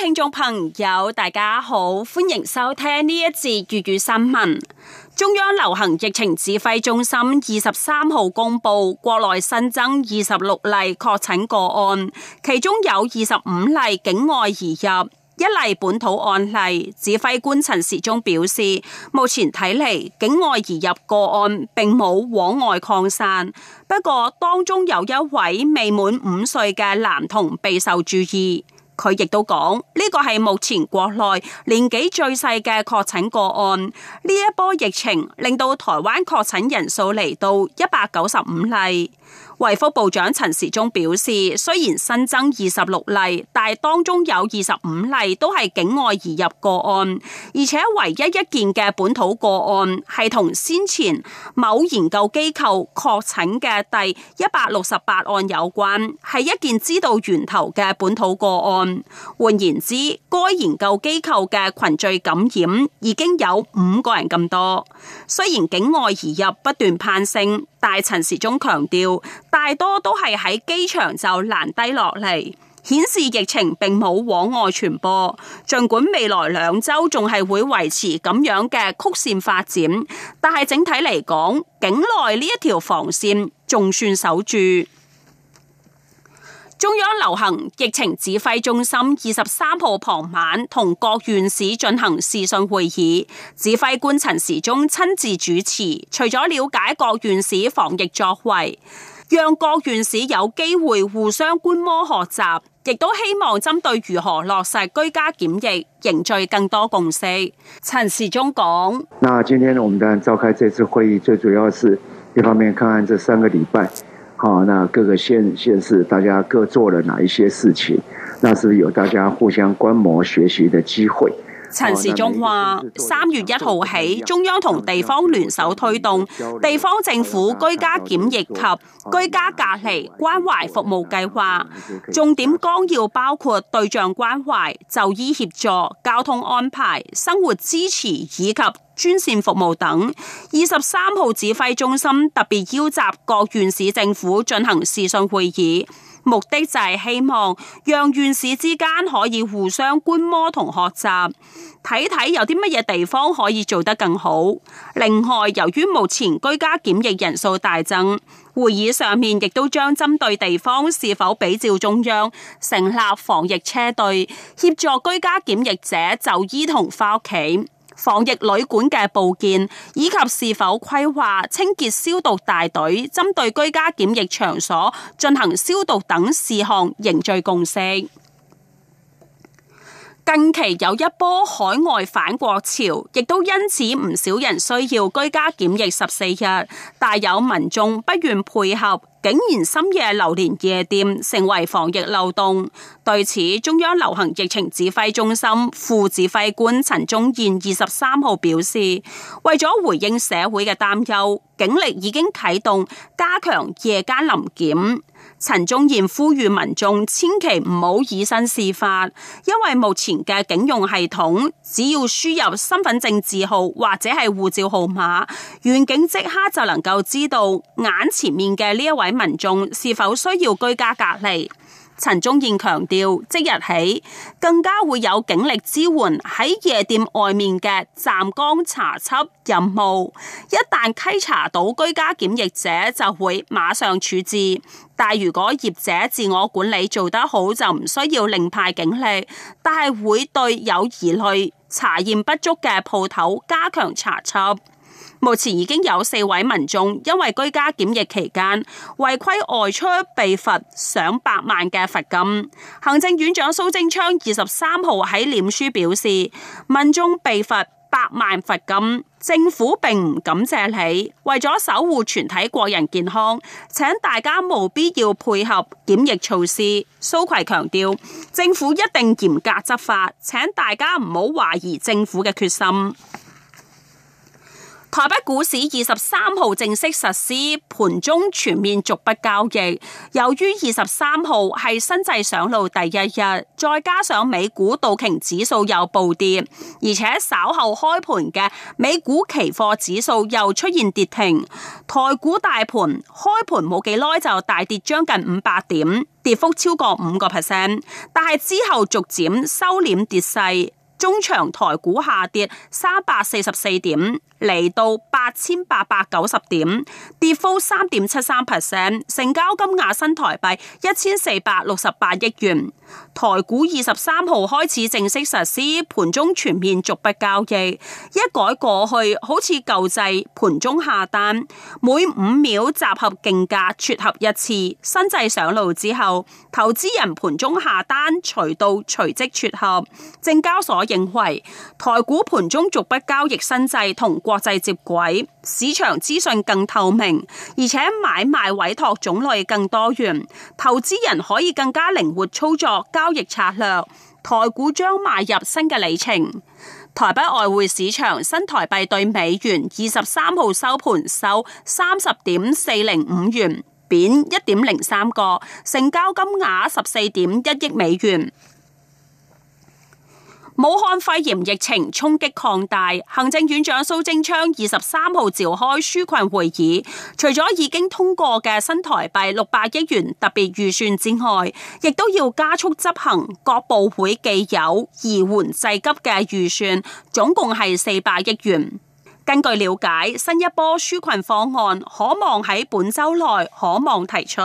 聽眾朋友，大家好，歡迎收聽呢一節粵語新聞。中央流行疫情指揮中心二十三號公布國內新增二十六例確診個案，其中有二十五例境外移入，一例本土案例。指揮官陳時中表示，目前睇嚟境外移入個案並冇往外擴散，不過當中有一位未滿五歲嘅男童備受注意。佢亦都講，呢、這個係目前國內年紀最細嘅確診個案。呢一波疫情令到台灣確診人數嚟到一百九十五例。衛福部長陳時中表示，雖然新增二十六例，但係當中有二十五例都係境外移入個案，而且唯一一件嘅本土個案係同先前某研究機構確診嘅第一百六十八案有關，係一件知道源頭嘅本土個案。換言之，該研究機構嘅群聚感染已經有五個人咁多。雖然境外移入不斷攀升。大陳時中強調，大多都係喺機場就攔低落嚟，顯示疫情並冇往外傳播。儘管未來兩周仲係會維持咁樣嘅曲線發展，但係整體嚟講，境內呢一條防線仲算守住。中央流行疫情指揮中心二十三號傍晚同各縣市進行視訊會議，指揮官陳時中親自主持。除咗了，了解各縣市防疫作為，讓各縣市有機會互相觀摩學習，亦都希望針對如何落實居家檢疫，凝聚更多共識。陳時中講：，那今天我們呢召開這次會議，最主要是一方面看看這三個禮拜。好，那各個縣縣市，大家各做了哪一些事情？那是有大家互相觀摩學習的機會。陳時中話，三月一號起，中央同地方聯手推動地方政府居家檢疫及居家隔離關懷服務計劃，重點綱要包括對象關懷就醫協助、交通安排、生活支持以及，專線服務等，二十三號指揮中心特別邀集各縣市政府進行視訊會議，目的就係希望讓縣市之間可以互相觀摩同學習，睇睇有啲乜嘢地方可以做得更好。另外，由於目前居家檢疫人數大增，會議上面亦都將針對地方是否比照中央成立防疫車隊，協助居家檢疫者就醫同翻屋企。防疫旅館嘅佈建，以及是否規劃清潔消毒大隊，針對居家檢疫場所進行消毒等事項，凝聚共識。近期有一波海外返國潮，亦都因此唔少人需要居家檢疫十四日，但有民眾不願配合，竟然深夜流連夜店，成為防疫漏洞。對此，中央流行疫情指揮中心副指揮官陳宗彥二十三號表示，為咗回應社會嘅擔憂，警力已經啟動加強夜間臨檢。陳中賢呼籲民眾千祈唔好以身試法，因為目前嘅警用系統只要輸入身份證字號或者係護照號碼，員警即刻就能夠知道眼前面嘅呢一位民眾是否需要居家隔離。陳忠燕強調，即日起更加會有警力支援喺夜店外面嘅站崗查緝任務。一旦稽查到居家檢疫者，就會馬上處置。但如果業者自我管理做得好，就唔需要另派警力。但係會對有疑慮、查驗不足嘅鋪頭加強查緝。目前已經有四位民眾因為居家檢疫期間違規外出被罰上百萬嘅罰金。行政院長蘇貞昌二十三號喺臉書表示，民眾被罰百萬罰金，政府並唔感謝你。為咗守護全體國人健康，請大家務必要配合檢疫措施。蘇揆強調，政府一定嚴格執法，請大家唔好懷疑政府嘅決心。台北股市二十三號正式實施盤中全面逐筆交易。由於二十三號係新制上路第一日，再加上美股道瓊指數又暴跌，而且稍後開盤嘅美股期貨指數又出現跌停。台股大盤開盤冇幾耐就大跌將近五百點，跌幅超過五個 percent。但係之後逐漸收斂跌勢，終場台股下跌三百四十四點。嚟到八千八百九十點，跌幅三點七三 percent，成交金額新台幣一千四百六十八億元。台股二十三號開始正式實施盤中全面逐筆交易，一改過去好似舊制盤中下單每五秒集合競價撮合一次新制上路之後，投資人盤中下單隨到隨即撮合。證交所認為台股盤中逐筆交易新制同。國際接軌，市場資訊更透明，而且買賣委託種類更多元，投資人可以更加靈活操作交易策略。台股將邁入新嘅里程。台北外匯市場新台幣兌美元二十三號收盤收三十點四零五元，貶一點零三角，成交金額十四點一億美元。武漢肺炎疫情衝擊擴大，行政院長蘇貞昌二十三號召開紓困會議，除咗已經通過嘅新台幣六百億元特別預算之外，亦都要加速執行各部會既有移緩濟急嘅預算，總共係四百億元。根據了解，新一波紓困方案可望喺本週內可望提出。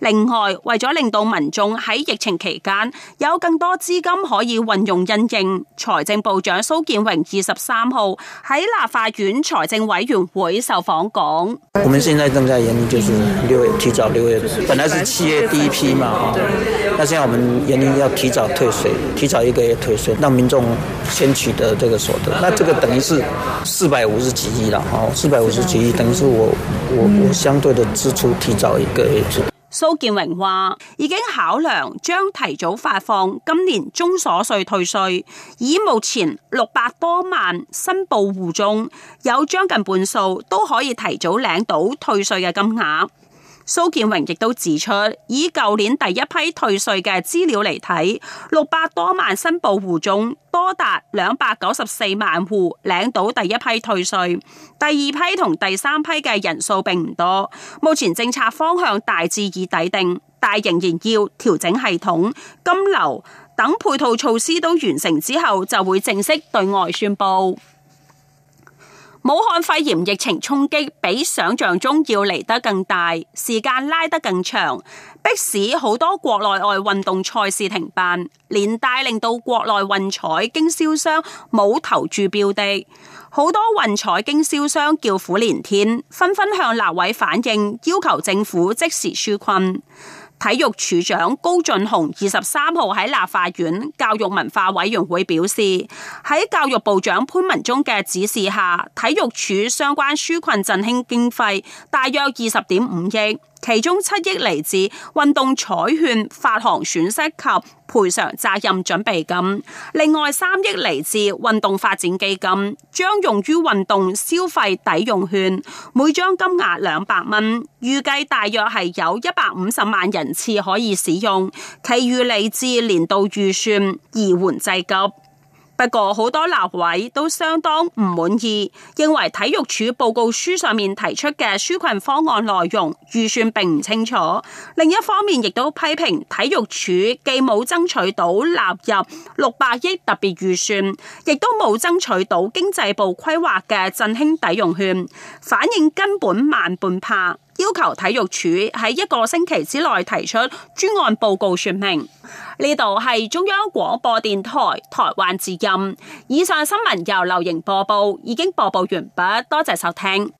另外，為咗令到民眾喺疫情期間有更多資金可以運用印，印應財政部長蘇建榮二十三號喺立法院財政委員會受訪講：我們現在正在研究，就是六月提早六月，本來是七月第一批嘛，哦，那現在我們研究要提早退稅，提早一個月退稅，讓民眾先取得這個所得。那這個等於是四百五十幾億啦，哦，四百五十幾億等於是我我我相對的支出提早一個月。蘇建榮話，已經考量將提早發放今年綜所稅退稅，以目前六百多萬申報戶中，有將近半數都可以提早領到退稅嘅金額。蘇建榮亦都指出，以舊年第一批退稅嘅資料嚟睇，六百多萬申報戶中，多達兩百九十四萬戶領到第一批退稅，第二批同第三批嘅人數並唔多。目前政策方向大致已底定，但仍然要調整系統、金流等配套措施都完成之後，就會正式對外宣布。武漢肺炎疫情衝擊比想象中要嚟得更大，時間拉得更長，迫使好多國內外運動賽事停辦，連帶令到國內運彩經銷商冇投注標的，好多運彩經銷商叫苦連天，紛紛向立委反映，要求政府即時紓困。體育署長高俊雄二十三號喺立法院教育文化委員會表示，喺教育部長潘文忠嘅指示下，體育署相關紓困振興經費大約二十點五億。其中七億嚟自運動彩券發行損失及賠償責任準備金，另外三億嚟自運動發展基金，將用於運動消費抵用券，每張金額兩百蚊，預計大約係有一百五十萬人次可以使用。其餘嚟自年度預算移緩濟急。不過好多立委都相當唔滿意，認為體育署報告書上面提出嘅紓困方案內容預算並唔清楚。另一方面，亦都批評體育署既冇爭取到納入六百億特別預算，亦都冇爭取到經濟部規劃嘅振興抵用券，反應根本慢半拍。要求體育署喺一個星期之內提出專案報告說明。呢度係中央廣播電台台灣之音。以上新聞由劉瑩播報，已經播報完畢。多謝收聽。